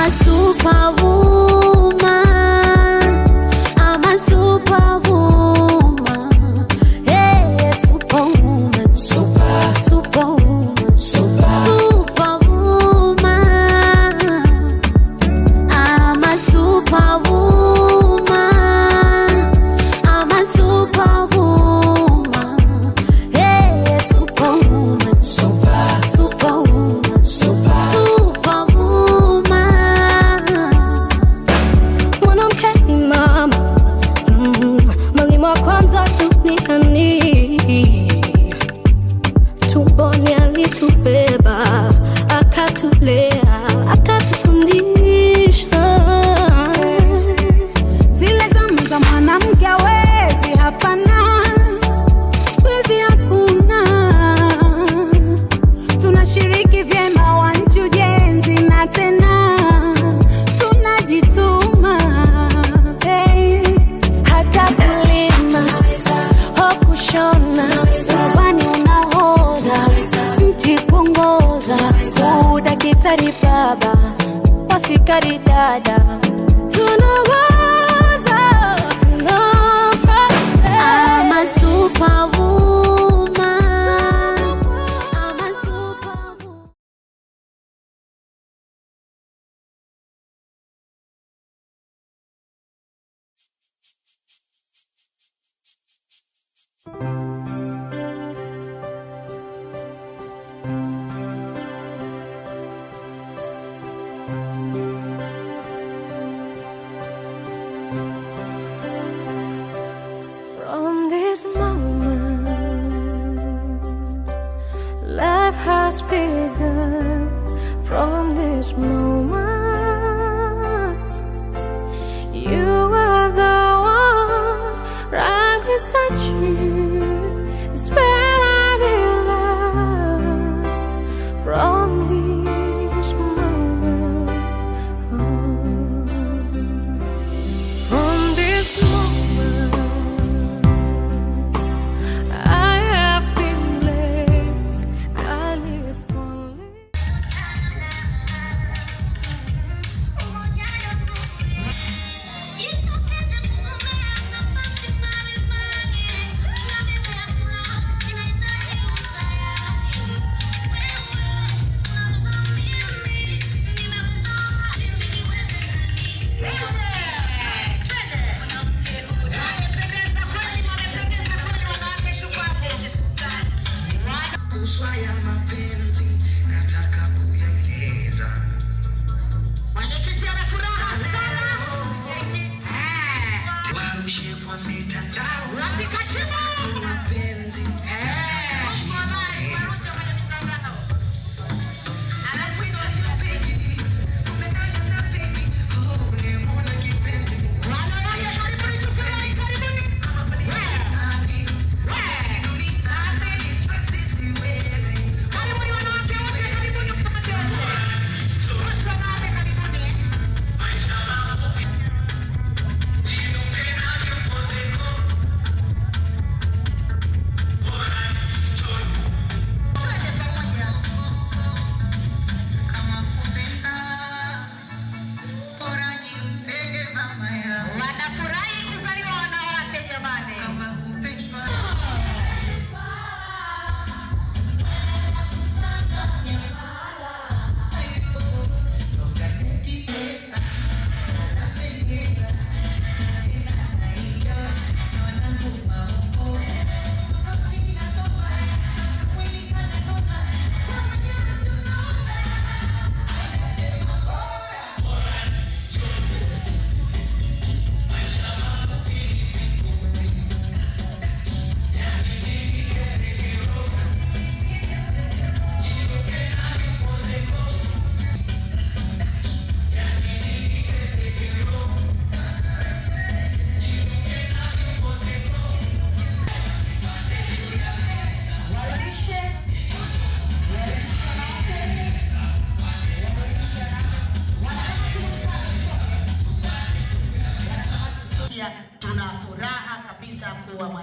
faço mal. कर दादा 再去。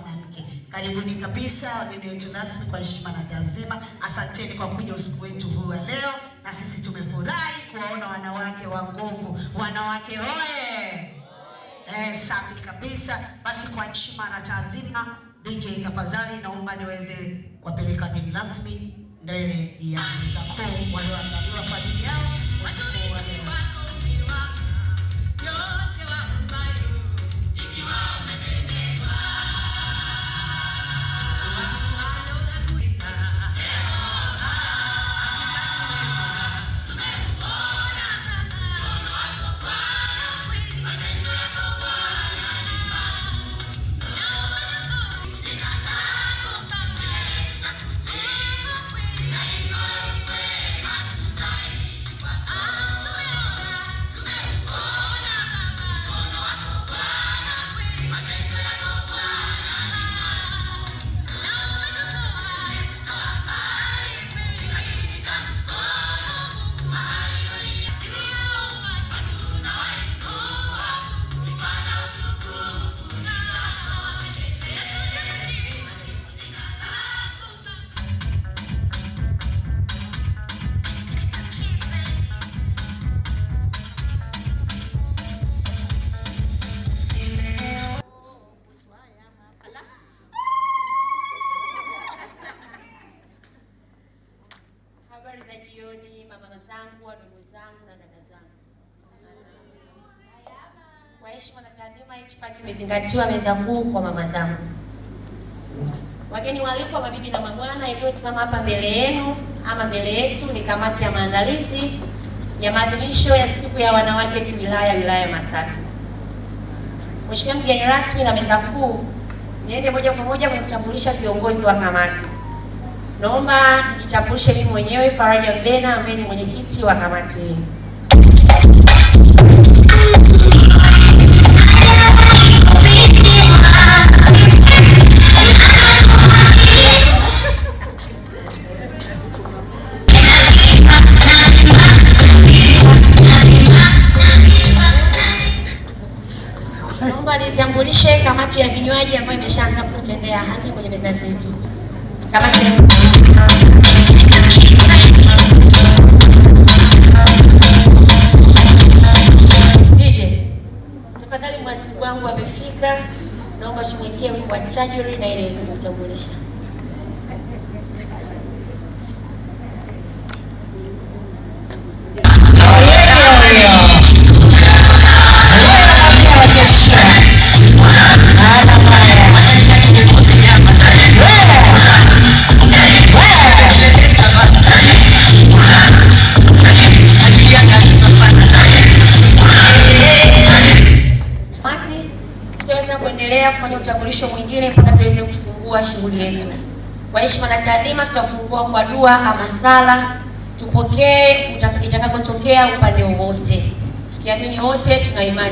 mwanamke. Karibuni kabisa wageni wetu rasmi, kwa heshima na taazima, asanteni kwa kuja usiku wetu huu wa leo, na sisi tumefurahi kuwaona wanawake wa nguvu, wanawake hoye Eh, safi kabisa. Basi kwa heshima na taazima, DJ tafadhali, naomba niweze kuwapeleka wageni rasmi mbele ya meza kuu walioandaliwa kwa ajili yao. imezingatiwa meza kuu kwa mama zangu, wageni walikwa, mabibi na mabwana, iliyosimama hapa mbele yenu ama mbele yetu ni kamati ya maandalizi ya maadhimisho ya siku ya wanawake kiwilaya, wilaya ya Masasi. Mheshimiwa mgeni rasmi na meza kuu, niende moja kwa moja kumtambulisha viongozi wa kamati. Naomba nijitambulishe mimi mwenyewe Faraja Mbena ambaye ni mwenyekiti wa kamati hii. nitambulishe kamati ya vinywaji ambayo imeshaanza kututendea haki kwenye meza zetu. Kamati mwisho mwingine mpaka tuweze kufungua shughuli yetu. Kwa heshima na taadhima, tutafungua kwa dua ama sala, tupokee itakapotokea upande wowote, tukiamini wote tuna imani